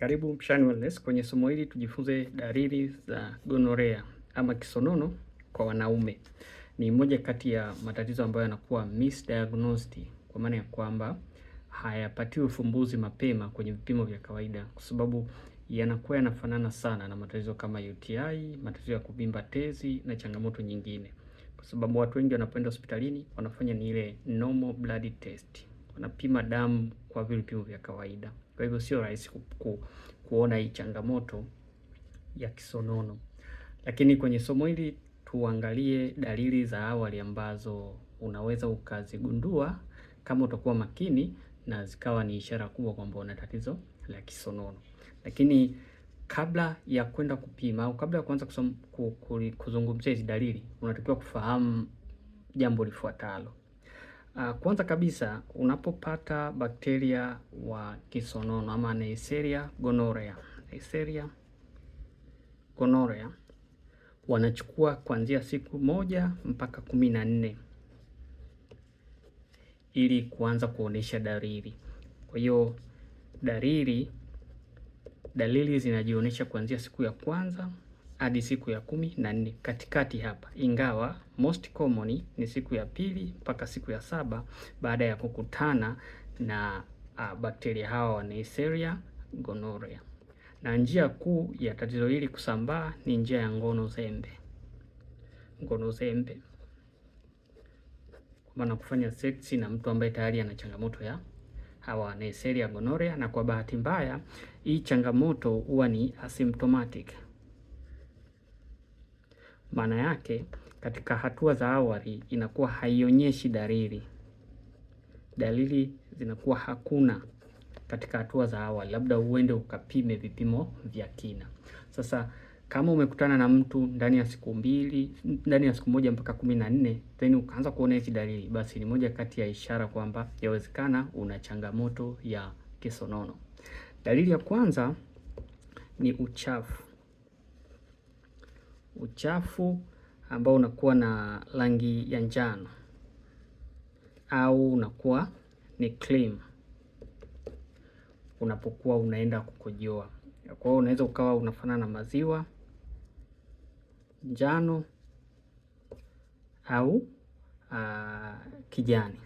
Karibu Mshani Wellness. Kwenye somo hili tujifunze dalili za gonorea ama kisonono kwa wanaume. Ni moja kati ya matatizo ambayo yanakuwa misdiagnosed, kwa maana ya kwamba hayapatiwi ufumbuzi mapema kwenye vipimo vya kawaida, kwa sababu yanakuwa yanafanana sana na matatizo kama UTI, matatizo ya kuvimba tezi na changamoto nyingine, kwa sababu watu wengi wanapoenda hospitalini wanafanya ni ile normal blood test, wanapima damu kwa vile vipimo vya kawaida. Kwa hivyo sio rahisi ku, ku, kuona hii changamoto ya kisonono, lakini kwenye somo hili tuangalie dalili za awali ambazo unaweza ukazigundua kama utakuwa makini na zikawa ni ishara kubwa kwamba una tatizo la kisonono. Lakini kabla ya kwenda kupima au kabla ya kuanza kuzungumzia hizi dalili, unatakiwa kufahamu jambo lifuatalo. Ah, kwanza kabisa unapopata bakteria wa kisonono ama Neisseria gonorrhea, Neisseria gonorrhea wanachukua kuanzia siku moja mpaka kumi na nne ili kuanza kuonesha dalili. Kwa hiyo dalili dalili zinajionyesha kuanzia siku ya kwanza hadi siku ya kumi na nne katikati hapa, ingawa most common ni siku ya pili mpaka siku ya saba baada ya kukutana na uh, bakteria hawa wa Neisseria gonorrhea. Na njia kuu ya tatizo hili kusambaa ni njia ya ngono zembe, ngono zembe, kwa kufanya seksi na mtu ambaye tayari ana changamoto ya hawa Neisseria gonorrhea. Na kwa bahati mbaya, hii changamoto huwa ni asymptomatic, maana yake katika hatua za awali inakuwa haionyeshi dalili, dalili zinakuwa hakuna katika hatua za awali, labda uende ukapime vipimo vya kina. Sasa kama umekutana na mtu ndani ya siku mbili, ndani ya siku moja mpaka kumi na nne then ukaanza kuona hizi dalili, basi ni moja kati ya ishara kwamba yawezekana una changamoto ya kisonono. Dalili ya kwanza ni uchafu. Uchafu ambao unakuwa na rangi ya njano au unakuwa ni cream unapokuwa unaenda kukojoa. Kwa hiyo unaweza ukawa unafanana na maziwa njano au aa, ah, kijani.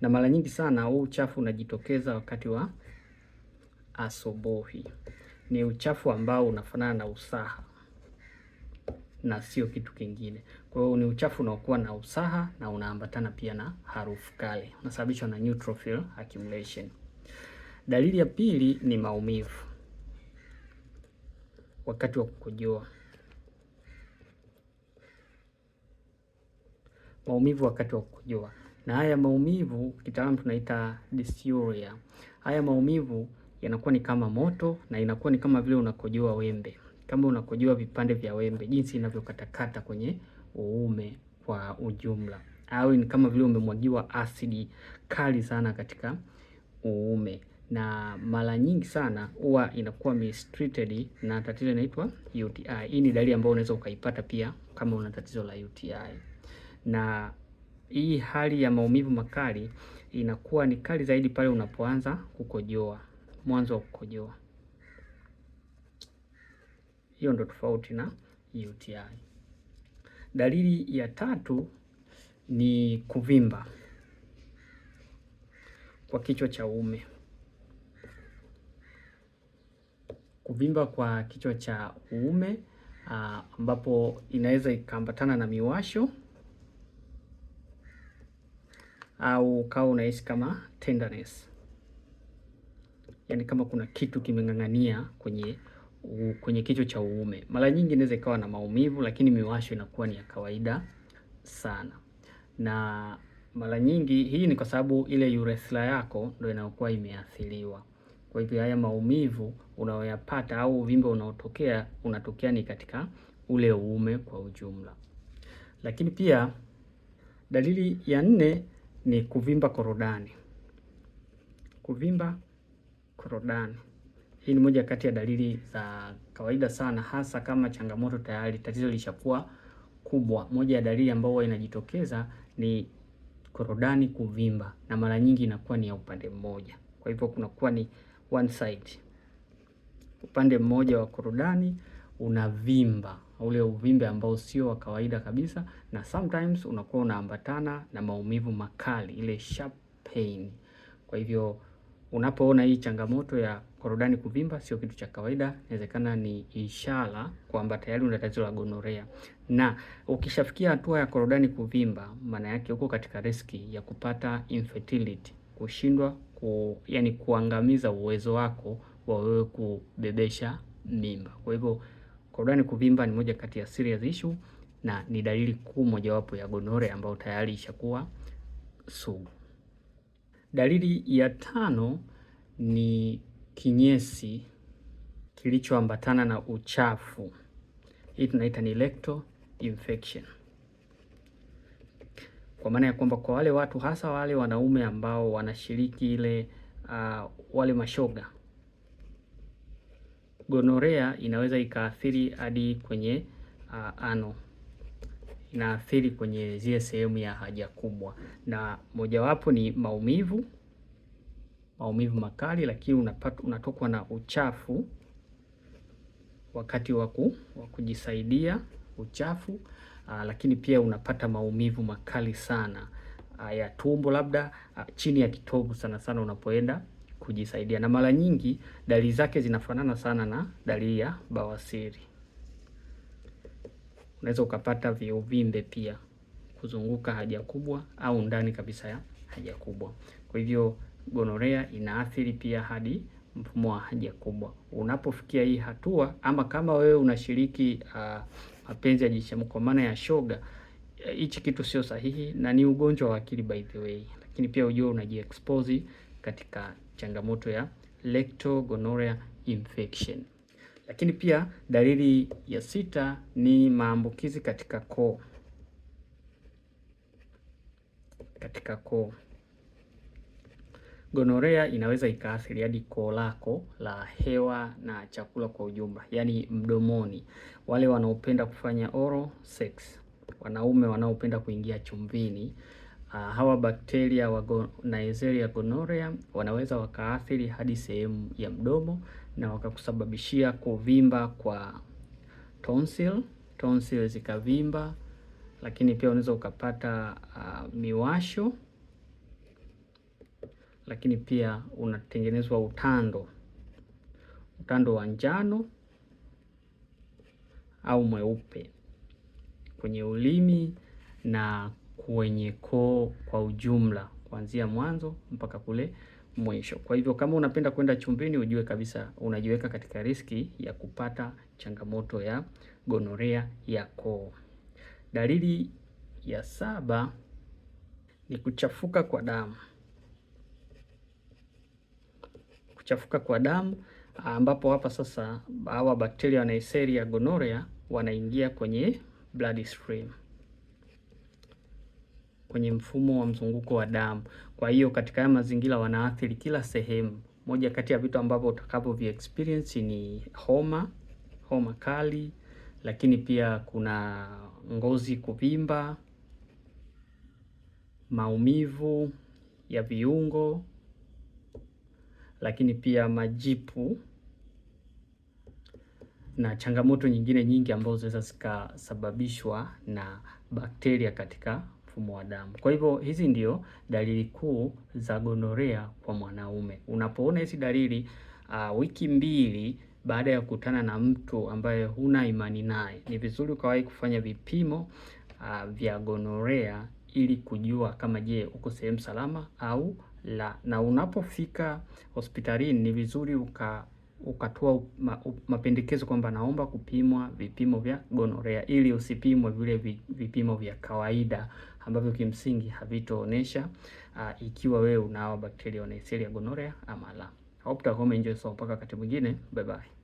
Na mara nyingi sana huu uchafu unajitokeza wakati wa asubuhi. Ni uchafu ambao unafanana na usaha na sio kitu kingine. Kwa hiyo ni uchafu unaokuwa na usaha na unaambatana pia na harufu kali, unasababishwa na neutrophil accumulation. Dalili ya pili ni maumivu wakati wa kukojoa. Maumivu wakati wa kukojoa, na haya maumivu kitaalamu tunaita dysuria. Haya maumivu yanakuwa ni kama moto na inakuwa ni kama vile unakojoa wembe kama unakojoa vipande vya wembe, jinsi inavyokatakata kwenye uume kwa ujumla, au ni kama vile umemwagiwa asidi kali sana katika uume, na mara nyingi sana huwa inakuwa mistreated na tatizo inaitwa UTI. Hii ni dalili ambayo unaweza ukaipata pia kama una tatizo la UTI, na hii hali ya maumivu makali inakuwa ni kali zaidi pale unapoanza kukojoa, mwanzo wa kukojoa. Hiyo ndo tofauti na UTI. Dalili ya tatu ni kuvimba kwa kichwa cha uume. Kuvimba kwa kichwa cha uume ah, ambapo inaweza ikaambatana na miwasho au ukawa unahisi kama tenderness, yaani kama kuna kitu kimeng'ang'ania kwenye kwenye kichwa cha uume. Mara nyingi inaweza ikawa na maumivu, lakini miwasho inakuwa ni ya kawaida sana, na mara nyingi hii ni kwa sababu ile urethra yako ndio inayokuwa imeathiriwa. Kwa hivyo haya maumivu unayoyapata au uvimbe unaotokea unatokea ni katika ule uume kwa ujumla. Lakini pia dalili ya nne ni kuvimba korodani, kuvimba korodani. Hii ni moja kati ya dalili za kawaida sana, hasa kama changamoto tayari tatizo lishakuwa kubwa. Moja ya dalili ambayo inajitokeza ni korodani kuvimba, na mara nyingi inakuwa ni ya upande mmoja. Kwa hivyo kunakuwa ni one side, upande mmoja wa korodani unavimba, ule uvimbe ambao sio wa kawaida kabisa, na sometimes unakuwa unaambatana na maumivu makali, ile sharp pain. Kwa hivyo Unapoona hii changamoto ya korodani kuvimba, sio kitu cha kawaida, inawezekana ni ishara kwamba tayari una tatizo la gonorea. Na ukishafikia hatua ya korodani kuvimba, maana yake uko katika riski ya kupata infertility, kushindwa ku, yani kuangamiza uwezo wako wa wewe kubebesha mimba. Kwa hivyo korodani kuvimba ni moja kati ya serious issue na ni dalili kuu mojawapo ya gonorea ambayo tayari ishakuwa sugu. Dalili ya tano ni kinyesi kilichoambatana na uchafu. Hii tunaita ni rectal infection, kwa maana ya kwamba kwa wale watu hasa wale wanaume ambao wanashiriki ile uh, wale mashoga, gonorea inaweza ikaathiri hadi kwenye uh, ano inaathiri kwenye zile sehemu ya haja kubwa, na mojawapo ni maumivu, maumivu makali, lakini unapata unatokwa na uchafu wakati wa kujisaidia uchafu. Aa, ah, lakini pia unapata maumivu makali sana aa, ah, ya tumbo labda aa, ah, chini ya kitovu sana sana unapoenda kujisaidia, na mara nyingi dalili zake zinafanana sana na dalili ya bawasiri unaweza ukapata viuvimbe pia kuzunguka haja kubwa au ndani kabisa ya haja kubwa. Kwa hivyo gonorea inaathiri pia hadi mfumo wa haja kubwa. Unapofikia hii hatua ama kama wewe unashiriki uh, mapenzi ya jinsia maana ya shoga, hichi kitu sio sahihi na ni ugonjwa wa akili by the way, lakini pia ujue unajiexpose katika changamoto ya leptogonorrhea infection. Lakini pia dalili ya sita ni maambukizi katika koo, katika koo. Gonorea inaweza ikaathiri hadi koo lako la hewa na chakula kwa ujumla, yaani mdomoni. Wale wanaopenda kufanya oral sex, wanaume wanaopenda kuingia chumbini Ah, hawa bakteria wa Neisseria gonorrhea wanaweza wakaathiri hadi sehemu ya mdomo na wakakusababishia kuvimba kwa tonsil, tonsil zikavimba, lakini pia unaweza ukapata uh, miwasho, lakini pia unatengenezwa utando, utando wa njano au mweupe kwenye ulimi na kwenye koo kwa ujumla kuanzia mwanzo mpaka kule mwisho. Kwa hivyo kama unapenda kwenda chumbini, ujue kabisa unajiweka katika riski ya kupata changamoto ya gonorea ya koo. Dalili ya saba ni kuchafuka kwa damu. Kuchafuka kwa damu ambapo hapa sasa hawa bakteria wanaiseri ya gonorea wanaingia kwenye blood stream kwenye mfumo wa mzunguko wa damu. Kwa hiyo katika haya mazingira wanaathiri kila sehemu. Moja kati ya vitu ambavyo vi experience ni homa, homa kali, lakini pia kuna ngozi kuvimba, maumivu ya viungo, lakini pia majipu na changamoto nyingine nyingi ambazo zinaweza zikasababishwa na bakteria katika mfumo wa damu. Kwa hivyo hizi ndio dalili kuu za gonorea kwa mwanaume. Unapoona hizi dalili uh, wiki mbili baada ya kukutana na mtu ambaye huna imani naye, ni vizuri ukawahi kufanya vipimo uh, vya gonorea ili kujua kama je, uko sehemu salama au la. Na unapofika hospitalini ni vizuri uka ukatoa mapendekezo kwamba naomba kupimwa vipimo vya gonorea ili usipimwe vile vipimo vya kawaida ambavyo kimsingi havitoonesha uh, ah, ikiwa wewe unao bakteria unaiseli ya gonorea ama la. Hope utakuwa enjoy so mpaka wakati mwingine. Bye bye.